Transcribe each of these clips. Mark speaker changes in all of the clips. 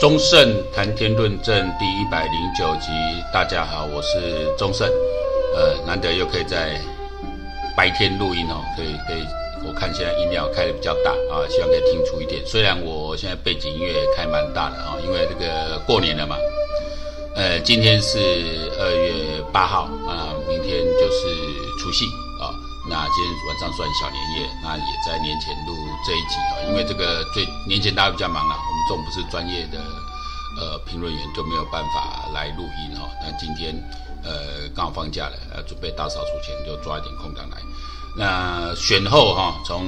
Speaker 1: 忠勝談天論政第一百零九集，大家好，我是忠勝，呃，難得又可以在白天錄音哦，可以可以，我看現在音量開得比較大啊，希望可以聽出一點。雖然我現在背景音樂開蠻大的啊，因為這個過年了嘛，呃，今天是二月八號啊，明天就是除夕。那今天晚上算小年夜，那也在年前錄這一集啊，因為這個最年前大家比較忙了，我們這種不是專業的呃評論員就沒有辦法來錄音哈、哦。那今天呃剛好放假了，呃準備大掃除前就抓一點空檔來。那選後哈，從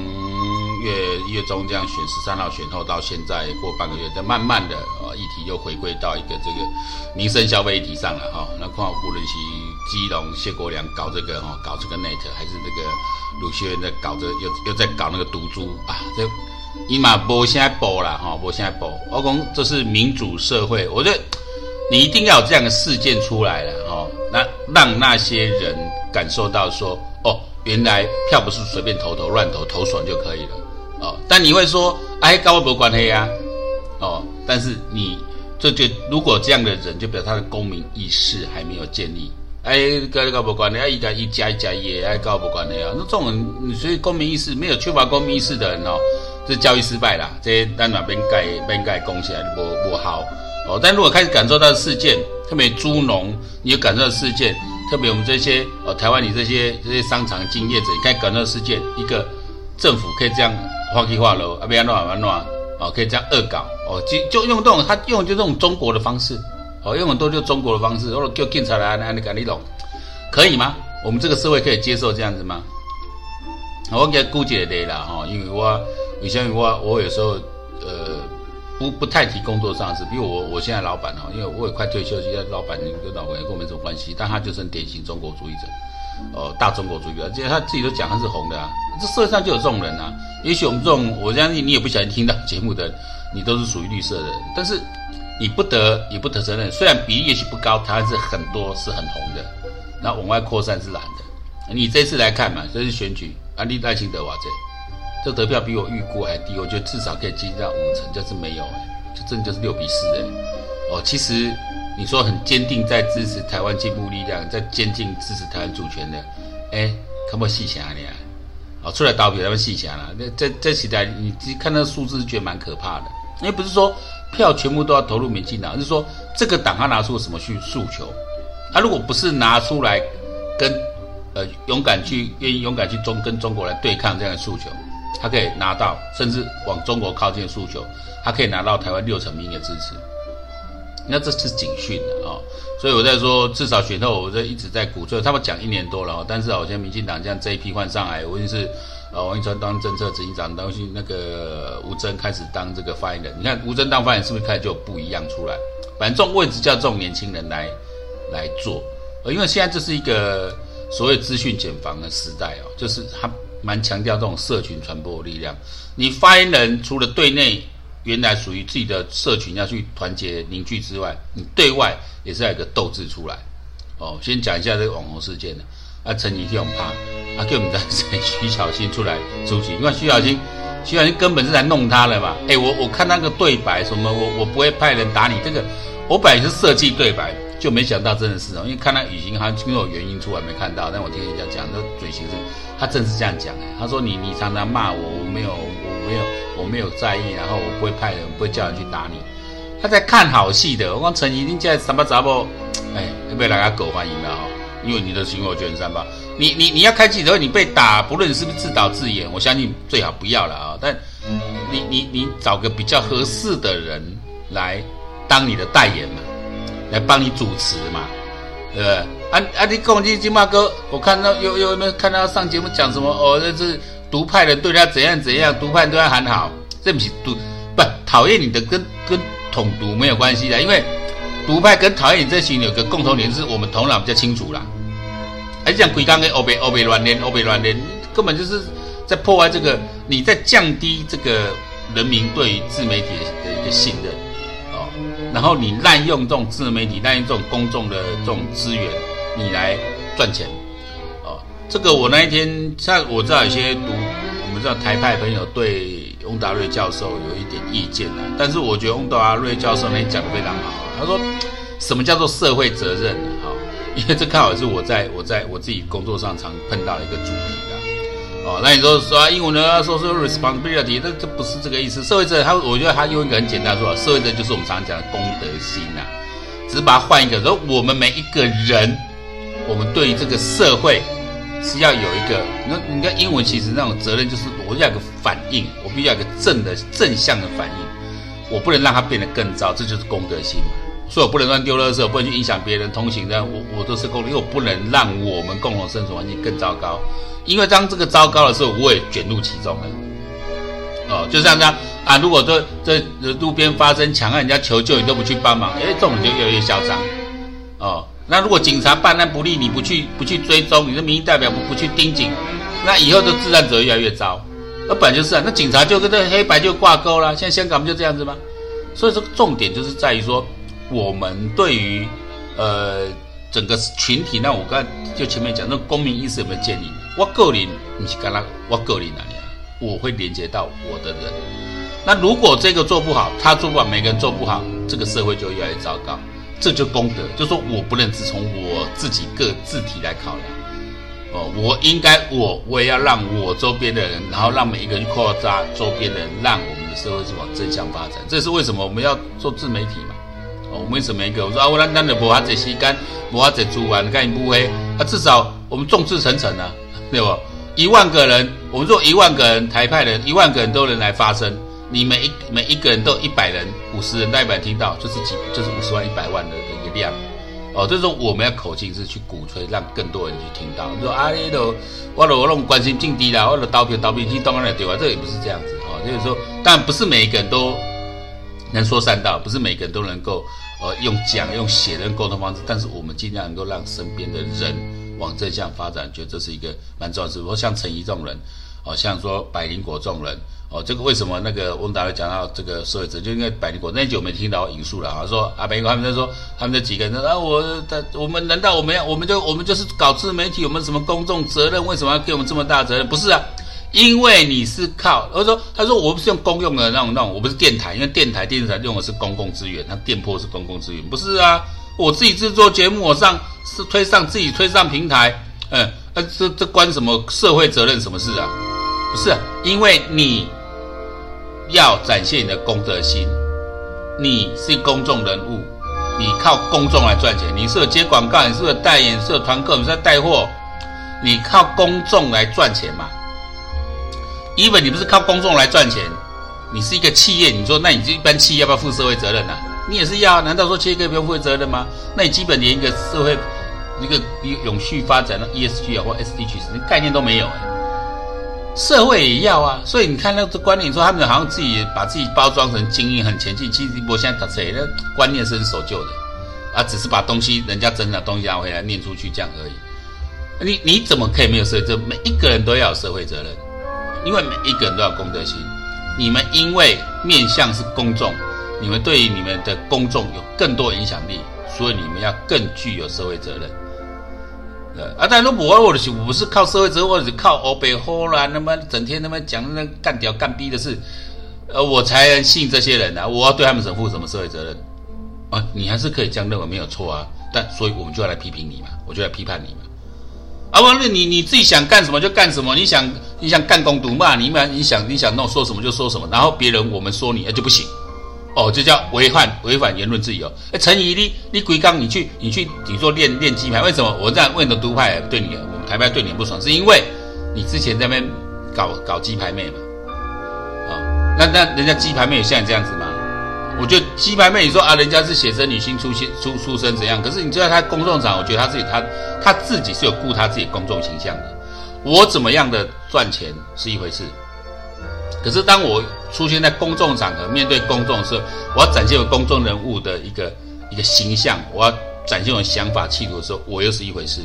Speaker 1: 月月中這樣選十三號選後到現在過半個月，再慢慢的、哦、議題又回歸到一個這個民生消費議題上了哈、哦。那看顧人熙。基隆謝國梁搞這個哈、哦，搞這個內特，還是這個魯學在搞這個，又又在搞那個毒株啊！這伊馬不現在播了哈，不現在播。老、哦、公，我講這是民主社會，我覺得你一定要有這樣的事件出來了哈、哦，那讓那些人感受到說，哦，原來票不是隨便投投亂投投爽就可以了哦。但你會說，哎、啊，跟我沒關係啊，哦，但是你這就如果這樣的人，就比如他的公民意識還沒有建立。哎、啊啊啊，搞不關的啊！一家一家一家也哎搞不關的啊！那這種，所以公民意識沒有缺乏公民意識的人哦，這教育失敗啦！這單哪邊蓋邊蓋公起來不無好哦。但如果開始感受到的事件，特別豬農，你有感受到的事件，特別我們這些哦，台灣你這些這些商場經營者，你開始感受到的事件，一個政府可以這樣話地話嘍啊，不要亂玩亂哦，可以這樣惡搞哦，就就用這種他用就這種中國的方式。哦，用很多就中國的方式，或者叫警察來你搞那懂可以嗎？我們這個社會可以接受這樣子嗎？嗯哦、我給姑姐得了哈，因為我以前我我有時候呃不不太提工作上的事，比如我我現在老闆哦，因為我也快退休，現在老闆跟老闆也跟我沒什麼關係，但他就是很典型中國主義者，哦，大中國主義者，而且他自己都講他是紅的、啊，這社會上就有這種人啊。也許我們這種我相信你也不想聽到節目的，你都是屬於綠色的，但是。你不得，你不得承認，雖然比例也許不高，台灣是很多是很紅的，那往外擴散是藍的。你這次來看嘛，這、就是選舉，安、啊、賴清德瓦這，這得票比我預估還低，我覺得至少可以進到五成，這、就、次、是、沒有，這真的就是六比四哎。哦，其實你說很堅定在支持台灣進步力量，在堅定支持台灣主權的，哎、欸，可不可以細想啊你，哦，出來投票他們細想了，那這這起來，你看那數字是覺得蠻可怕的。因為不是說票全部都要投入民進黨，而是說這個黨他拿出什麼去訴求？他如果不是拿出來跟呃勇敢去願意勇敢去中跟中國來對抗這樣的訴求，他可以拿到甚至往中國靠近的訴求，他可以拿到台灣六成民意的支持。那這是警訊啊，哦，所以我在說，至少選後我在一直在鼓吹，他們講一年多了啊，但是好像民進黨這樣這一批換上來，尤其是王義川當政策執行長，當時那個吳崢開始當這個發言人，你看吳崢當發言人是不是開始就不一樣出來？反正這種位置叫這種年輕人來來做，呃，因為現在這是一個所謂資訊繭房的時代哦，就是他蠻強調這種社群傳播力量，你發言人除了對內。原來屬於自己的社群要去團結凝聚之外，你對外也是要有個鬥志出來。哦，先講一下這個網紅事件的，啊陳沂亮旁，啊叫我們講徐小青出來出持，因為徐小青徐小青根本是在弄他了嘛。哎，我我看那個對白什麼，我我不會派人打你，這個我本來是設計對白，就沒想到真的是哦。因為看他語音好像因有原因出來沒看到，但我聽人家講，他嘴型是，他真是這樣講，他說你你常常罵我，我沒有我沒有。我沒有在意，然後我不會派人，不會叫人去打你。他在看好戲的。我講陳沂定在什麼雜啵？哎，要不要來個狗歡迎嘛？因為你的行為就很三八。你你你要開記者會，你被打，不論你是不是自導自演，我相信最好不要了啊。但你你你,你找個比較合適的人來當你的代言嘛，來幫你主持嘛，對不對？啊啊！你攻擊金馬哥，我看到有有沒有看到上節目講什麼？哦，這是。獨派的對他怎樣怎樣，獨派人對他很好，這不是獨，不討厭你的跟跟統獨沒有關係的，因為獨派跟討厭你這群人有個共同點，是我們頭腦比較清楚啦。而且講鬼剛跟歐貝歐貝亂練歐貝亂練，根本就是在破壞這個，你在降低這個人民對於自媒體的一個信任哦，然後你濫用這種自媒體，濫用這種公眾的這種資源，你來賺錢。這個我那一天像我知道有些讀，我們知道台派朋友對翁達瑞教授有一點意見呢。但是我覺得翁達瑞教授那講的非常好。他說什麼叫做社會責任，啊？哈、哦，因為這剛好是我在我在我自己工作上常碰到的一個主題的。哦，那你說說、啊、英文呢？說是 responsibility，那這不是這個意思。社會責任他，他我覺得他用一個很簡單的說啊，社會責任就是我們常常講的公德心吶、啊。只是把它換一個，說我們每一個人，我們對於這個社會。是要有一個，那你看英文其實那種責任就是我要有個反應，我必須要有個正的正向的反應，我不能讓它變得更糟，這就是公德心嘛。所以我不能亂丟垃圾，候，不能去影響別人通行的，的我我都是公德，因為我不能讓我們共同生存環境更糟糕。因為當這個糟糕的時候，我也捲入其中了。哦，就像這樣啊。如果這在路邊發生搶案，人家求救你都不去幫忙，哎、欸，這種人就越來越囂張。哦。那如果警察辦案不力，你不去不去追蹤，你的民意代表不不去盯緊，那以後的治安只會越來越糟。那本來就是啊，那警察就跟這黑白就掛鈎了。現在香港不就這樣子嗎？所以這個重點就是在於說，我們對於，呃，整個群體，那我剛才就前面講，那公民意識有沒有建立？我個人不是剛剛，我個人而已？我會連接到我的人。那如果這個做不好，他做不好，每個人做不好，這個社會就會越來越糟糕。這就功德，就說我不能只從我自己個字體來考量，哦，我應該我我也要讓我周邊的人，然後讓每一個人去擴大周邊的人，讓我們的社會是往正向發展。這是為什麼我們要做自媒體嘛？哦，我們為什麼一個，我說啊，我讓，那的不怕在吸乾，不怕在煮完，你看你不威啊？至少我們眾志成城啊，對不？一萬個人，我們做一萬個人，台派人，一萬個人都能來發聲。你每一每一個人都一百人、五十人，那一百聽到就是幾，就是五十萬、一百萬的一個量哦。這，就是說我們要口徑，是去鼓吹，讓更多人去聽到。就是說啊、你說阿力都，我了我弄關心，降低啦，我了刀片刀片去當阿的對吧、啊、這個、也不是這樣子哦。就是說，但不是每一個人都能說善道，不是每個人都能夠呃用講用寫人溝通方式。但是我們盡量能夠讓身邊的人往正向發展，覺得這是一個蠻重要的。只不過像陳沂這種人，哦，像說百靈果這種人。哦，這個為什麼那個翁達的講到這個社會責任就應該百年國，那我沒聽到我引述了，啊，說啊，百年國他們在說他們這幾個人說啊，我他我們難道我們要我們就我們就是搞自媒體，我們什麼公眾責任？為什麼要給我們這麼大責任？不是啊，因為你是靠我說他說我不是用公用的那種那種，我不是電台，因為電台電視台用的是公共資源，那電波是公共資源，不是啊？我自己製作節目，我上是推上自己推上平台，嗯，啊、這這關什麼社會責任什麼事啊？不是、啊、因為你。要展現你的公德心。你是公眾人物，你靠公眾來賺錢。你是有接廣告，你是有代言，你是有團購，你是要帶貨，你靠公眾來賺錢嘛？Even 你不是靠公眾來賺錢，你是一個企業，你說那你這一般企業要不要負社會責任吶、啊？你也是要，難道說企業可以不用負責任嗎？那你基本連一個社會一個永續發展的 ESG 啊或 SDG 趨勢，那概念都沒有、欸社會也要啊，所以你看那個觀念，說他們好像自己把自己包裝成精英、很前進，其實我現在誰的觀念是很守舊的，啊，只是把東西人家整了東西拿回來念出去這樣而已。你你怎麼可以沒有社會責任？每一個人都要有社會責任，因為每一個人都要有公德心。你們因為面向是公眾，你們對於你們的公眾有更多影響力，所以你們要更具有社會責任。啊！但是我我的，我不是靠社會責任，我只靠歐北好了。那麼整天他媽講那幹屌幹逼的事，呃，我才能信這些人呢、啊。我要對他們怎負什麼社會責任啊？你還是可以這樣認為沒有錯啊。但所以我們就要來批評你嘛，我就來批判你嘛。啊，完了，你你自己想幹什麼就幹什麼，你想你想幹工讀嘛，你嘛你想你想弄說什麼就說什麼，然後別人我們說你、欸、就不行。哦，這叫違反違反言論自由。誒陳沂你你鬼剛，你去你去，你說練練雞排，為什麼我在問的獨派對你，我們台派對你很不爽？是因為你之前在那邊搞搞雞排妹嘛？啊、哦，那那人家雞排妹有像你這樣子嗎？我覺得雞排妹你說啊，人家是寫真女星出現出出身怎樣？可是你知道她公眾場，我覺得她自己她她自己是有顧她自己公眾形象的。我怎麼樣的賺錢是一回事。可是當我出現在公眾場合、面對公眾的時候，我要展現我公眾人物的一個一個形象；我要展現我想法氣度的時候，我又是一回事。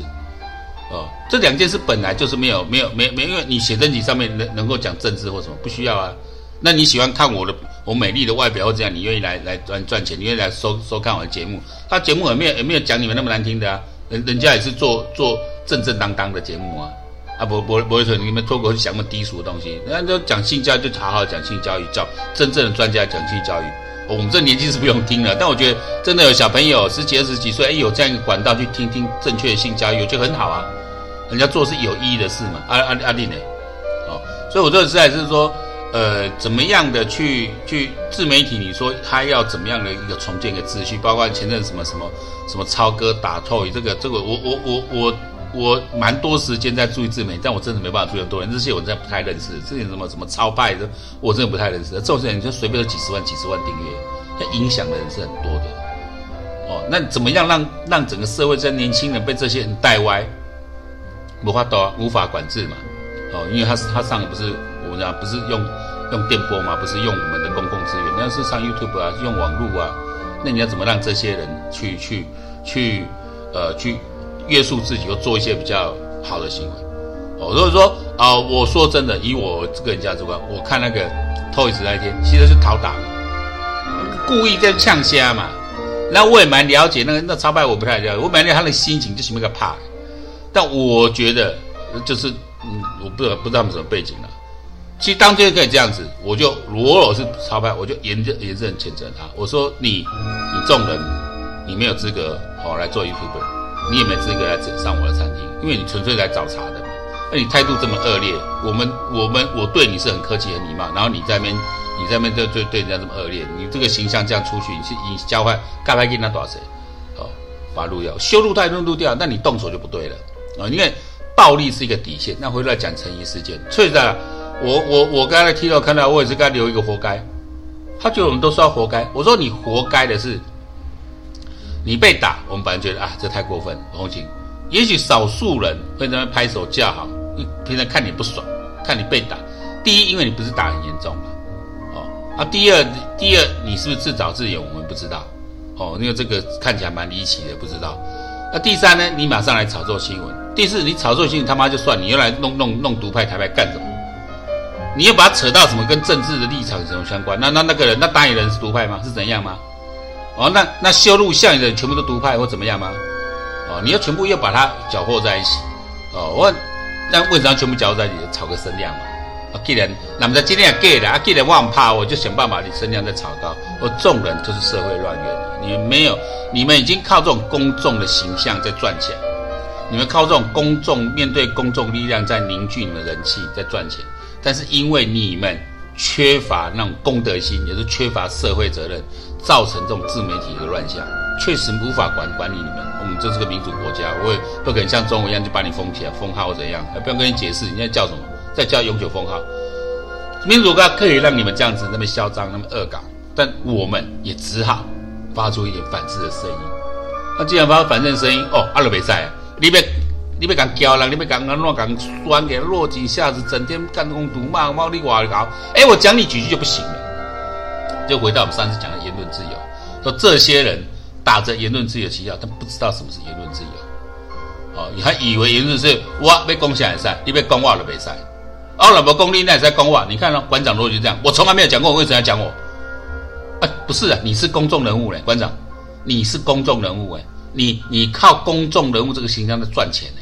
Speaker 1: 哦，這兩件事本來就是沒有、沒有、沒、沒，因為你寫真集上面能能夠講政治或什麼，不需要啊。那你喜歡看我的我美麗的外表或這樣，你願意來來賺賺錢，你願意來收收看我的節目？他、啊、節目也沒有也沒有講你們那麼難聽的啊？人人家也是做做正正當當的節目啊。啊不不不會說你們透過想那麼低俗的東西，人家都講性教育就好好講性教育，叫真正的專家講性教育，哦、我們這年紀是不用聽了。但我覺得真的有小朋友十幾二十幾歲，哎、欸，有這樣一個管道去聽聽正確的性教育就很好啊，人家做是有意義的事嘛。啊，啊，啊，弟呢？哦，所以我這個實在是說，呃，怎麼樣的去去自媒體？你說他要怎麼樣的一個重建一個秩序？包括前陣什麼什麼什麼超哥打 Toyz 這個這個，我我我我。我我我我蠻多時間在注意自媒體，但我真的沒辦法注意很多人。這些我真的不太認識，這些什麼什麼超派的，我真的不太認識。這種人你就隨便都幾十萬、幾十萬訂閱，那影響的人是很多的。哦，那怎麼樣讓讓整個社會這些年輕人被這些人帶歪？無法都無法管制嘛。哦，因為他是他上的不是我們講不是用用電波嘛，不是用我們的公共資源。那是上 YouTube 啊，用網絡啊，那你要怎麼讓這些人去去去呃去？去呃去約束自己，又做一些比較好的行為，哦，如果說啊、呃，我說真的，以我這個人價值觀，我看那個 Toyz 那一天，其實是討打嘛。故意在嗆蝦嘛。那我也蠻了解那個，那超派我不太了解，我蠻了解他的心情就是那個怕的。但我覺得就是嗯，我不不知道他們什麼背景了。其實當天可以這樣子，我就如果我是超派，我就嚴正嚴正譴責他。我說你你眾人，你沒有資格哦來做一 b e 你也沒資格來整上我的餐廳，因為你純粹來找茬的嘛。那你態度這麼惡劣，我們我們我對你是很客氣很禮貌，然後你在那邊你在那邊對對對人家這麼惡劣，你這個形象這樣出去，你是你交換該不該給多少錢？哦，把路要修路太路路掉，那你動手就不對了啊、哦！因為暴力是一個底線。那回頭來講陳沂事件，所以在，我我我剛才提到看到，我也是該留一個活該。他覺得我們都是要活該，我說你活該的是。你被打，我們反而覺得啊，這太過分了。紅警，也許少數人會在那邊拍手叫好。你、嗯、平常看你不爽，看你被打，第一，因為你不是打很嚴重嘛。哦，啊，第二，第二，你是不是自導自演？我們不知道，哦，因為這個看起來蠻離奇的，不知道。那、啊、第三呢？你馬上來炒作新聞。第四，你炒作新聞，他媽就算，你又來弄弄弄獨派台派幹什麼？你又把它扯到什麼跟政治的立場有什麼相關？那那那個人，那打野人是獨派嗎？是怎樣嗎？哦，那那修路像你的人全部都獨派或怎麼樣嗎？哦，你要全部又把它攪和在一起。哦，我那為什麼要全部攪和在一起？就炒個聲量嘛。我既然那麼在今天給了，啊，既然我很怕我就想辦法你聲量再炒高。我、哦、縱然就是社會亂源，你沒有，你們已經靠這種公眾的形象在賺錢，你們靠這種公眾面對公眾力量在凝聚你們的人氣在賺錢。但是因為你們缺乏那種公德心，也是缺乏社會責任。造成這種自媒體的亂象，確實無法管管理你們。我們這是個民主國家，我也不可能像中國一樣就把你封起來、封號怎樣？不用跟你解釋，你現在叫什麼？再叫永久封號。民主國家可以讓你們這樣子那麼囂張、那麼惡搞，但我們也只好發出一點反制的聲音。那、啊、既然發出反制聲音，哦，阿魯未使，你別你別敢叫了，你別剛剛亂敢酸給落井下石，整天幹攻讀罵，罵你娃搞。哎、欸，我講你幾句就不行了。就回到我們上次講的言論自由，說這些人打着言論自由旗號，但不知道什麼是言論自由。哦、你還以為言論是哇被攻下來噻，你被攻話了被噻？哦，那麼公立那也在攻哇，你看嘍、哦，館長邏輯就這樣，我從來沒有講過，我為什麼要講我？哎、啊，不是，啊，你是公眾人物呢，館長，你是公眾人物哎，你你靠公眾人物這個形象在賺錢呢？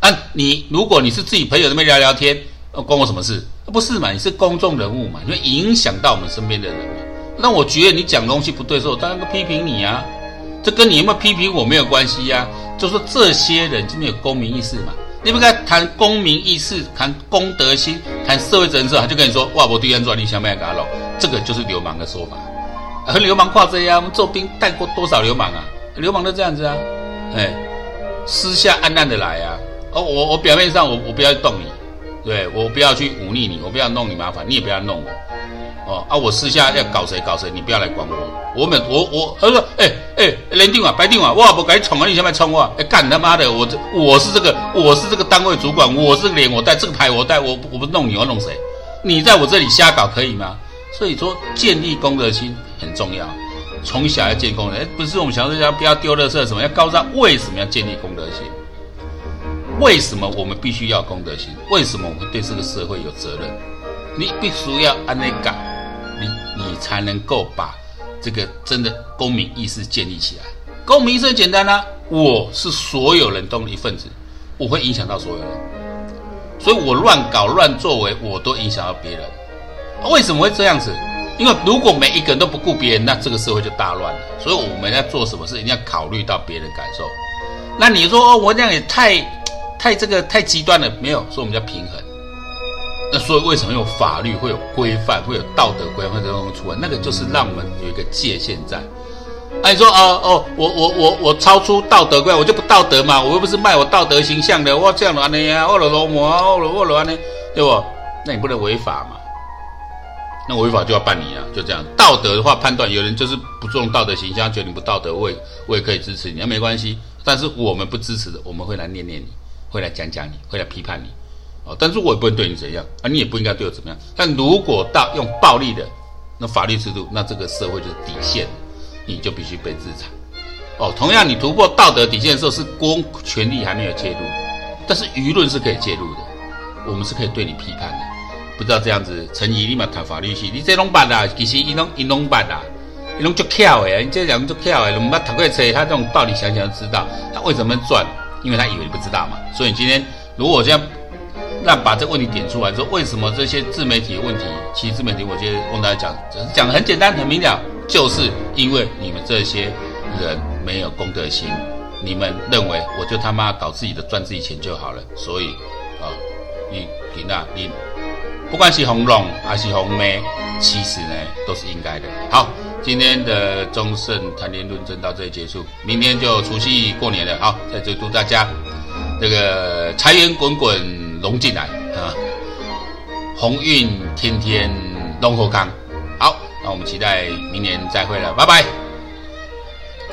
Speaker 1: 啊，你如果你是自己朋友在那邊聊聊天，呃、啊，關我什麼事、啊？不是嘛，你是公眾人物嘛，因為影響到我們身邊的人物。那我覺得你講東西不對的時候，我當然會批評你啊。這跟你有沒有批評我沒有關係呀、啊。就說這些人就沒有公民意識嘛？你不該談公民意識、談公德心、談社會責任，他就跟你說：“哇，我對人轉你想不想假咯？這個就是流氓的說法。和、啊、流氓掛車呀？我們做兵帶過多少流氓啊？流氓都這樣子啊？哎、欸，私下暗暗的來啊。哦，我我表面上我我不要動你。對我不要去忤逆你，我不要弄你麻煩，你也不要弄我，哦啊，我私下要搞誰搞誰，你不要來管我。我們我我他說，哎哎、欸欸，連定啊，白定啊，哇我趕緊衝啊，你先來衝我，哎、欸、幹他媽的，我這我是這個，我是這個單位主管，我是臉我帶，這個牌我帶，我我不弄你，我弄誰？你在我這裡瞎搞可以嗎？所以說，建立公德心很重要，從小要建公德心，欸，不是我們小孩不要丟這什麼要告訴他為什麼要建立公德心？為什麼我們必須要公德心？為什麼我們對這個社會有責任？你必須要按那個，你你才能夠把這個真的公民意識建立起來。公民意識很簡單呢，啊，我是所有人都有一份子，我會影響到所有人，所以我亂搞亂作為，我都影響到別人。為什麼會這樣子？因為如果每一個人都不顧別人，那這個社會就大亂了。所以我們要做什麼事，一定要考慮到別人感受。那你說哦，我這樣也太……太這個太極端了，沒有說，我們叫平衡。那所以為什麼有法律，會有規範，會有道德規範，會有什麼出來？那個就是讓我們有一個界限在。嗯、啊，你說哦、呃、哦，我我我我超出道德規範，我就不道德嘛，我又不是賣我道德形象的，哇，這樣的啊你，惡龍羅魔啊，惡惡、啊啊、對不對？那你不能違法嘛，那違法就要辦你啊，就這樣。道德的話判斷，有人就是不注重道德形象，覺得你不道德，我也我也可以支持你，啊、沒關係。但是我們不支持的，我們會來念念你，會來講講你，會來批判你，哦，但是我也不會對你怎樣啊，你也不應該對我怎麼樣。但如果到用暴力的那法律制度，那這個社會就是底線，你就必須被制裁。哦，同樣你突破道德底線的時候，是公權力還沒有介入，但是輿論是可以介入的，我們是可以對你批判的。不知道這樣子，陳沂立馬談法律系，你這種辦法其實這一種一種辦法一種就巧的啊，你這種就巧的，你沒讀過書，他這種道理想想就知道，他為什麼賺？因為他以為你不知道嘛，所以今天如果我現在讓把這個問題點出來說，為什麼這些自媒體的問題？其實自媒體，我今天跟大家講，只是講得很簡單、很明了，就是因為你們這些人沒有公德心，你們認為我就他媽搞自己的、賺自己錢就好了，所以啊、哦，你、你那、啊、你，不管是紅龍還是紅妹，其實呢都是應該的。好。今天的忠勝談天論政到這裡結束，明天就除夕過年了，好，在這祝大家，這個財源滾滾龍進來啊，鴻運天天龍後康，好，那我們期待明年再會了，拜拜。